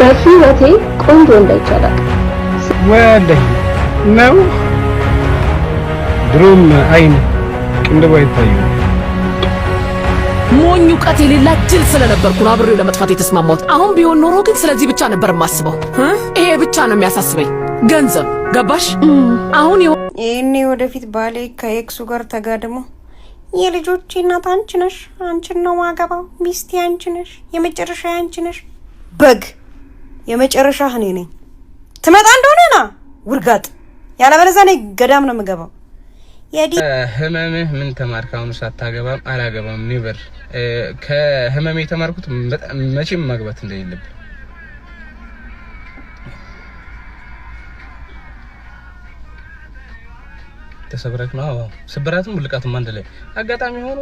በህይወቴ ቆንጆ እንዳይቻላል ወለይ ነው። ድሮም አይን ቅንድብ አይታየው ሞኝ እውቀት የሌላ ጅል ስለነበርኩ ነው አብሬው ለመጥፋት የተስማማሁት። አሁን ቢሆን ኖሮ ግን ስለዚህ ብቻ ነበር የማስበው። ይሄ ብቻ ነው የሚያሳስበኝ፣ ገንዘብ ገባሽ? አሁን ይህኔ ወደፊት ባሌ ከኤክሱ ጋር ተጋድሞ የልጆቼ እናት አንቺ ነሽ፣ አንቺን ነው ማገባው፣ ሚስቴ አንቺ ነሽ፣ የመጨረሻ አንቺ ነሽ በግ የመጨረሻ እኔ ነኝ። ትመጣ እንደሆነ ና ውርጋጥ፣ ያለበለዚያ እኔ ገዳም ነው የምገባው። ህመምህ ምን ተማርክ? አሁኑ ሳታገባም አላገባም ኒቨር። ከህመሜ የተማርኩት መቼም ማግባት እንደሌለብህ ተሰብረክ ነው። ስብራትም ውልቃትም አንድ ላይ አጋጣሚ ሆኖ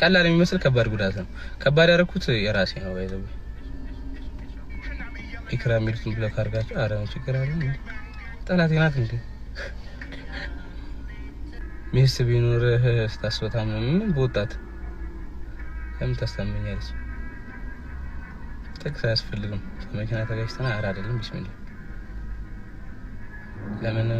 ቀላል የሚመስል ከባድ ጉዳት ነው። ከባድ ያደረኩት የራሴ ነው። ኢክራ የሚሉትን ብሎ ካርጋቸው አረ ችግር አለ እንዴ? ጠላቴ ናት እንዴ? ሚስት ቢኖርህ ስታስወታ ምን በወጣት ለምን ታስታመኛለች? ጥቅስ አያስፈልግም። መኪና ተጋጭተን አረ አይደለም ቢስሚላ ለምን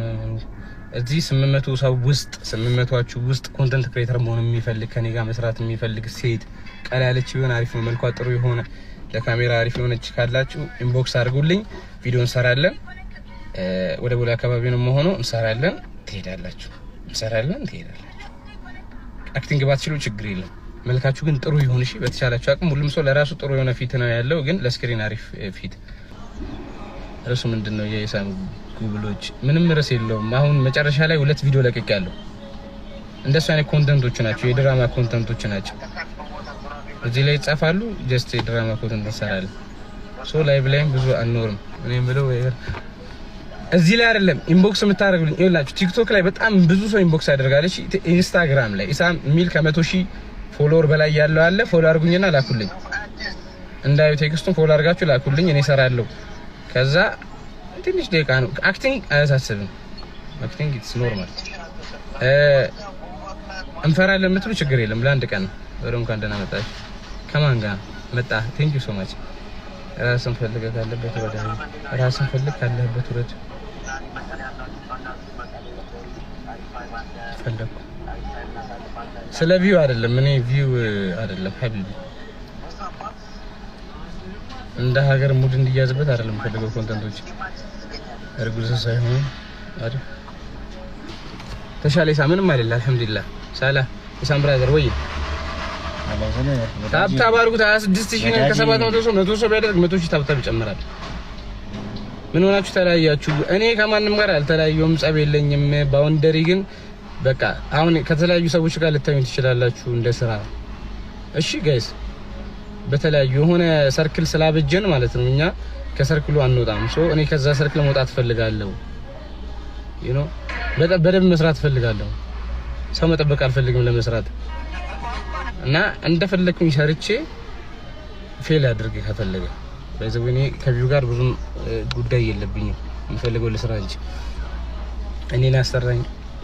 እዚህ ስምንት መቶ ሰው ውስጥ ስምንት መቶዎቹ ውስጥ ኮንተንት ክሬተር መሆን የሚፈልግ ከኔ ጋር መስራት የሚፈልግ ሴት ቀላ ያለች ቢሆን አሪፍ ነው። መልኳ ጥሩ የሆነ ለካሜራ አሪፍ የሆነች ካላችሁ ኢንቦክስ አድርጉልኝ። ቪዲዮ እንሰራለን። ወደ ቦሌ አካባቢ ነው መሆኑ። እንሰራለን፣ ትሄዳላችሁ። እንሰራለን፣ ትሄዳላችሁ። አክቲንግ ባትችሉ ችግር የለም። መልካችሁ ግን ጥሩ ይሁን። እሺ፣ በተቻላችሁ አቅም ሁሉም ሰው ለራሱ ጥሩ የሆነ ፊት ነው ያለው፣ ግን ለስክሪን አሪፍ ፊት። ርዕሱ ምንድን ነው? የኢሳም ጉብሎች ምንም ርዕስ የለውም። አሁን መጨረሻ ላይ ሁለት ቪዲዮ ለቅቄያለሁ። እንደሱ አይነት ኮንተንቶች ናቸው፣ የድራማ ኮንተንቶች ናቸው። እዚህ ላይ ይጻፋሉ። ጀስት የድራማ ኮት እንሰራለን። ሶ ላይቭ ላይም ብዙ አንኖርም። እኔ የምለው እዚህ ላይ አይደለም ኢንቦክስ የምታደርጉልኝ ይላችሁ። ቲክቶክ ላይ በጣም ብዙ ሰው ኢንቦክስ ያደርጋለች። ኢንስታግራም ላይ ኢሳም የሚል ከመቶ ሺህ ፎሎወር በላይ ያለው አለ። ፎሎ አድርጉኝና ላኩልኝ እንዳዩ ቴክስቱን ፎሎ አድርጋችሁ ላኩልኝ፣ እኔ እሰራለሁ። ከዛ ትንሽ ደቂቃ ነው። አክቲንግ አያሳስብም። አክቲንግ ኢትስ ኖርማል። እንፈራለን የምትሉ ችግር የለም። ለአንድ ቀን ነው። ወደ እንኳን ደህና መጣችሁ ከማን ጋር መጣ? ቴንክ ሶ ማች። ራስን ፈልገ ካለበት ወደ ራስን ፈልግ ካለበት ውረድ። ፈለኩ ስለ ቪው አይደለም፣ እኔ ቪው አይደለም ሀቢቢ እንደ ሀገር ሙድ እንዲያዝበት አይደለም ፈልገው ኮንተንቶች እርጉዝ ሳይሆን አይደል ተሻለ። ኢሳ ምንም አይደለ፣ አልሐምዱሊላህ። ሳላ ኢሳም ብራዘር ወይ ታብታብ አድርጉት። ሀያ ሺህ ነው ከሰባት መቶ ሰው መቶ ሰው ቢያደርግ መቶ ሺህ ታብታብ ይጨምራል። ምን ሆናችሁ ተለያያችሁ? እኔ ከማንም ጋር አልተለያየሁም፣ ጸብ የለኝም። ባውንደሪ ግን በቃ አሁን ከተለያዩ ሰዎች ጋር ልታዩኝ ትችላላችሁ እንደ ስራ። እሺ ጋይስ፣ በተለያዩ የሆነ ሰርክል ስላበጀን ማለት ነው እኛ ከሰርክሉ አንወጣም። ሶ እኔ ከዛ ሰርክል መውጣት ፈልጋለሁ። ዩ ኖ በደንብ መስራት ፈልጋለሁ። ሰው መጠበቅ አልፈልግም ለመስራት እና እንደፈለግኩኝ ሰርቼ ፌል አድርግ ከፈለገ በዚህ እኔ ከቢዩ ጋር ብዙም ጉዳይ የለብኝም። የምፈልገው ለስራ እንጂ እኔን አሰራኝ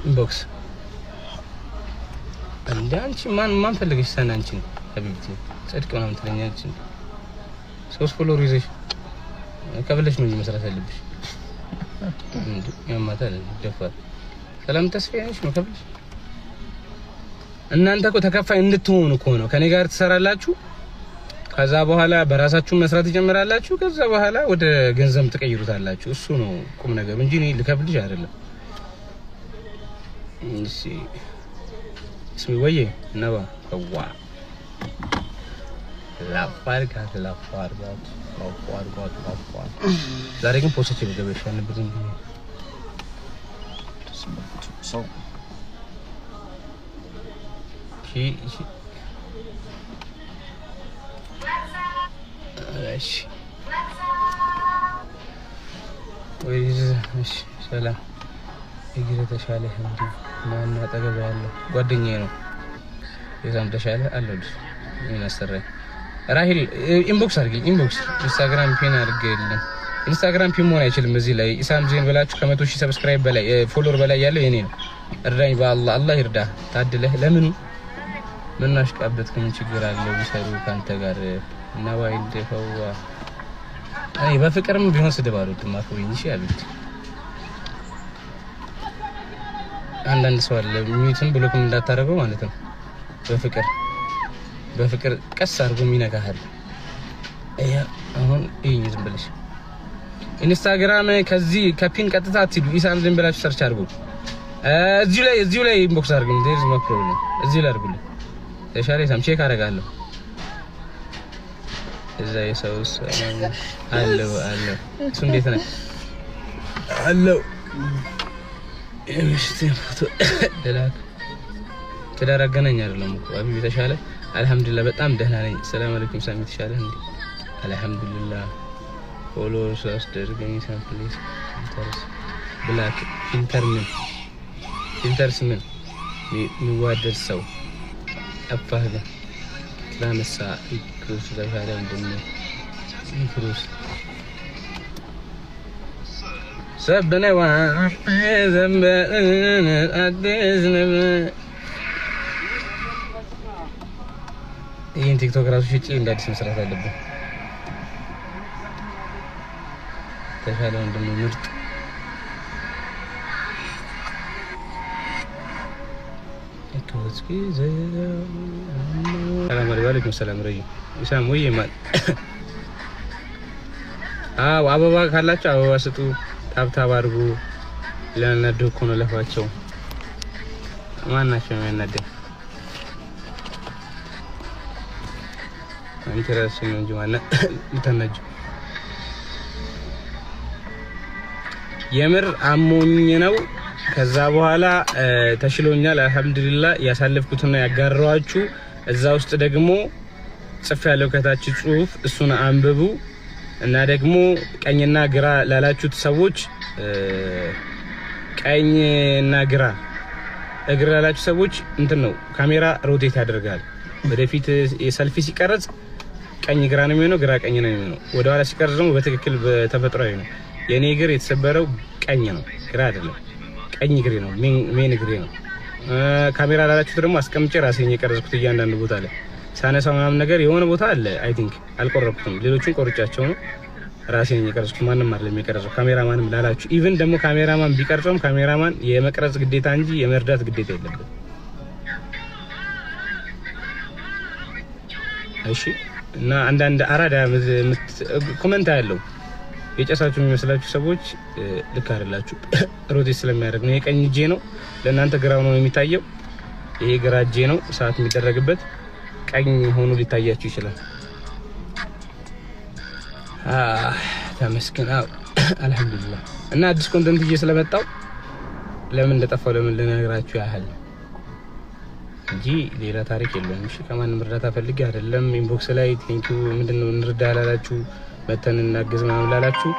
ኢንቦክስ እንደ አንቺ ማን ማን ፈልገሽ ሰን አንቺ ነው ከቢዩቲ ጽድቅ ምናምን ትለኛ አንቺ ሶስት ፎሎወር ይዘሽ ከብለሽ ነው መስራት ያለብሽ እንዴ ያማታል ደፋ ሰላም ተስፋዬ ነሽ ነው ከብለሽ እናንተ እኮ ተከፋይ እንድትሆኑ እኮ ነው። ከኔ ጋር ትሰራላችሁ፣ ከዛ በኋላ በራሳችሁ መስራት ትጀምራላችሁ፣ ከዛ በኋላ ወደ ገንዘብ ትቀይሩታላችሁ። እሱ ነው ቁም ነገር እንጂ እኔ ልከፍልሽ አይደለም። እሺ እስሚ ወይ ነባ ዋ ላፋርጋት ላፋርጋት ላፋርጋት ላፋር ዛሬ ግን ፖስት ይደበሻል ብትኝ ሰው ሰላም እግር ተሻለ ማን አጠገብ ጓደኛዬ ነው። የዛም ተሻለ ራሂል ኢንቦክስ አድርግልኝ። ኢንቦክስ ኢንስታግራም ፒን አድርግልኝ። ኢንስታግራም መሆን አይችልም። እዚህ ላይ ኢሳም ዜን ብላችሁ ከመቶ ሺህ ሰብስክራይብ በላይ ፎሎወር በላይ ያለው የኔ ነው። እርዳኝ በአላህ አላህ ይርዳ ታድለህ ለምኑ ልናሽቃበትክም ችግር አለ ቢሰሩ ካንተ ጋር እና ዋይልድ ፈዋ አይ በፍቅርም ቢሆን ስድብ አልወድም። አፈወኝ እሺ አሉት። አንዳንድ ሰው አለ ሚዩትም ብሎክም እንዳታደርገው ማለት ነው። በፍቅር በፍቅር ቀስ አድርጎ ይነካሃል። አያ አሁን ይሄን ዝም ብለሽ ኢንስታግራም ከዚህ ከፒን ቀጥታ አትሂዱ። ኢሳም ዝም ብላችሁ ሰርች አድርጉ። እዚሁ ላይ እዚሁ ላይ ኢንቦክስ አድርጉ። ዴርስ ኖ ፕሮብለም እዚሁ ላይ አድርጉልኝ። ተሻለ ሳም ቼክ አደርጋለሁ። እዛ የሰውስ አለው አለው እሱ እንዴት ነው አለው። የምሽቴን ፎቶ ልላክ ተደረገነኝ አይደለም እኮ አብይ ተሻለ አልሐምዱሊላህ፣ በጣም ደህና ነኝ። ሰላም አለይኩም ሳሚ ተሻለ እንዴ? አልሐምዱሊላህ ፎሎ ሳስደርገኝ ሳምፕሊስ ኢንተርስ ብላክ ኢንተርምን ኢንተርስ ምን የሚዋደድ ሰው አባህለ ትላነሳ ክሮስ ለባህላ ወንድም ክሮስ ሰብነ ዋፌ ዘንበን አዲስ ነብ ይህን ቲክቶክ ራሱ ሽጬ እንደ አዲስ መስራት አለብን። ተሻለ ወንድም ምርጥ አለይኩም ሰላም ረዩ ኢሳም ወይ ማል አዎ አበባ ካላቸው አበባ ስጡ፣ ታብታብ አድርጉ። ለነዱ እኮ ነው ለፋቸው። ማን ናቸው የሚያናደው? አንቺ እራስሽ ነው እንጂ ማነው ልታናጁ? የምር አሞኝ ነው ከዛ በኋላ ተሽሎኛል። አልሐምዱሊላ ያሳለፍኩትና ያጋራኋችሁ እዛ ውስጥ ደግሞ ጽፍ ያለው ከታች ጽሁፍ እሱን አንብቡ እና ደግሞ ቀኝና ግራ ላላችሁት ሰዎች ቀኝና ግራ እግር ላላችሁ ሰዎች እንትን ነው ካሜራ ሮቴት ያደርጋል። ወደፊት ሰልፊ ሲቀረጽ ቀኝ ግራ ነው የሚሆነው፣ ግራ ቀኝ ነው የሚሆነው። ወደኋላ ሲቀረጽ ደግሞ በትክክል በተፈጥሯዊ ነው። የእኔ እግር የተሰበረው ቀኝ ነው፣ ግራ አይደለም። ቀኝ እግሬ ነው፣ ሜን እግሬ ነው። ካሜራ ላላችሁት ደግሞ አስቀምጬ ራሴን የቀረጽኩት እያንዳንዱ ቦታ ላይ ሳነሳው ምናምን ነገር የሆነ ቦታ አለ። አይ ቲንክ አልቆረኩትም፣ ሌሎቹን ቆርጫቸው ነው ራሴን የቀረጽኩት። ማንም አይደለም የቀረጸው ካሜራማንም ላላችሁ። ኢቭን ደግሞ ካሜራማን ቢቀርጸውም ካሜራማን የመቅረጽ ግዴታ እንጂ የመርዳት ግዴታ የለብን። እሺ እና አንዳንድ አራዳ ኮመንት ያለው የጨሳችሁ የሚመስላችሁ ሰዎች ልክ አይደላችሁ። ሮቴት ስለሚያደርግ ነው። የቀኝ እጄ ነው፣ ለእናንተ ግራው ነው የሚታየው። ይሄ ግራ እጄ ነው ሰዓት የሚደረግበት ቀኝ ሆኖ ሊታያችሁ ይችላል። ተመስገን አልሐምዱሊላህ። እና አዲስ ኮንተንት እዬ ስለመጣው ለምን እንደጠፋው ለምን ልነግራችሁ ያህል እንጂ ሌላ ታሪክ የለም። እሺ ከማንም እርዳታ ፈልጌ አይደለም። ኢንቦክስ ላይ ቴንኪው ምንድነው እንርዳ ያላላችሁ መተን እናግዝ ምናምን